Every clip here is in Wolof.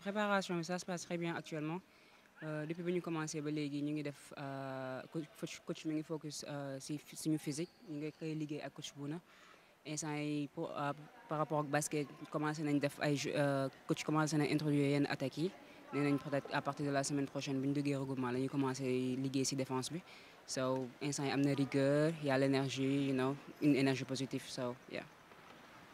préparation ça se passe très bien actuellement euh, depuis bi ñu commencé ba léegi ñu ngi def euh, coach coach focus euh, si suñu physique nous ngi koy liggéey ak coach Bouna instant yi par rapport au basket commencé nañ def ay coach commencé à introduire une attaque. yi nee nañ peut-être à partir de la semaine prochaine bu ñu duggee regroupement la ñuy commencé liggéey si défense bi so instant a am rigueur, rigueur y a l'énergie you know une énergie positive so yeah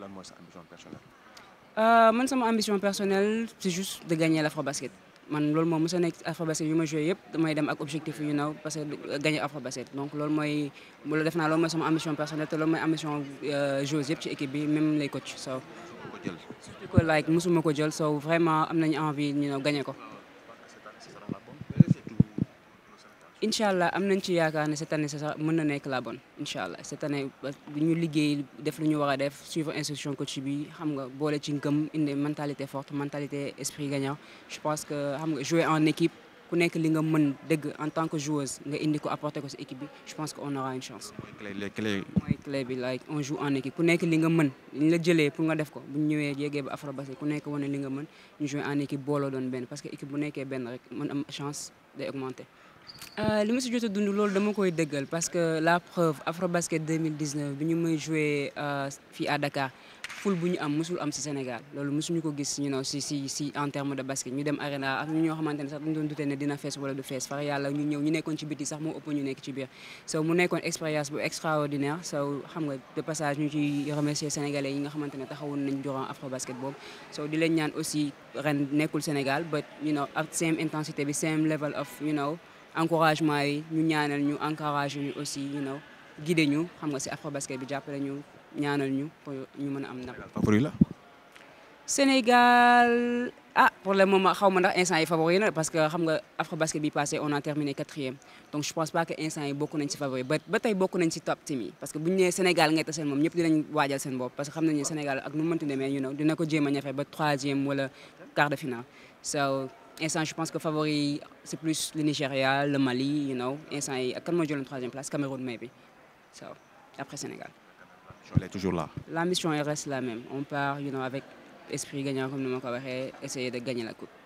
lan mooy sa ambition personnelle. Euh, man sama ambition personnelle c'est juste de gagner l'Afrobasket man lol, moi, mos a nekk basket, je ma joué yëpp damay dem ak objectif yu know, parce que gagner afro-basket. donc loolu mooy loolu def naa loolu mooy sama ambition personnelle te loolu mooy ambition euh, jouer, yëpp ci équipe bi même les coachs so surtout que like mosuma ko jël so vraiment am envie ñu gagner ko. inshallah allah am nañ ci yaakaar ne cette année ça mën na nekk la bonne inshallah cette année ñu liggéey def lu ñu war a def suivre instruction coach bi xam nga boole ci ngëm indi mentalité forte mentalité esprit gagnant je pense que xam nga jouer en équipe ku nekk li nga mën dëgg en tant que joueuse nga indi ko apporter ko si équipe bi je pense que on aura une chance. mooy clé bi like on joue en équipe ku nekk li nga mën liñ la jëlee pour nga def ko bu ñu ñëwee yeggee ba Afrobasket ku nekk wane li nga mën ñu jouer en équipe booloo doon benn parce que équipe bu nekkee benn rek mën am chance day augmenter. Euh, li monsieur si jot a dund loolu dama koy dëggal parce que la preuve Afrobasket 2019 bi ñu may joué euh, fii à Dakar ful bu ñu am musul am si Sénégal loolu musuñu ko gis you know si si si en terme de basket ñu dem arena ak ñu ñoo xamante ne sax dañu doon dute ne dina fees wala du fees far yàlla ñu ñëw ñu nekkoon ci biti sax moo ëpp ñu nekk ci biir so mu nekkoon expérience bu extraordinaire so xam nga de passage ñu ci remercier sénégalais yi nga xamante ne taxawoon nañ durant afrobasket boobu so di leen ñaan aussi ren nekkul Sénégal but you know at same intensité bi same level of you know encouragement yi ñu ñaanal ñu encouragé ñu aussi you know guidé ñu xam nga ci afro basket bi jàppale ñu ñaanal ñu ñu mëna am ndam. favori la. Sénégal ah pour le moment xawma ndax instant yi favori na parce que xam nga afro basket bi passé on a terminé 4e donc je pense pas que instant yi bokku nañ ci favori ba ba tey bokk nañ ci top team yi parce que buñ né Sénégal ngay tassé mom ñëpp dinañ waajal seen bop parce que xam nañ Sénégal ak nu mu mënti démé you know dina ko jéem ñafé ba 3e wala quart de finale so ça, je pense que favori, c'est plus le Nigeria, le Mali, you know. Instant, quand moi j'ai en troisième place, Cameroun, maybe. So, après Sénégal. La mission, toujours là. La mission, elle reste la même. On part, you know, avec esprit gagnant, comme nous m'en essayer de gagner la Coupe.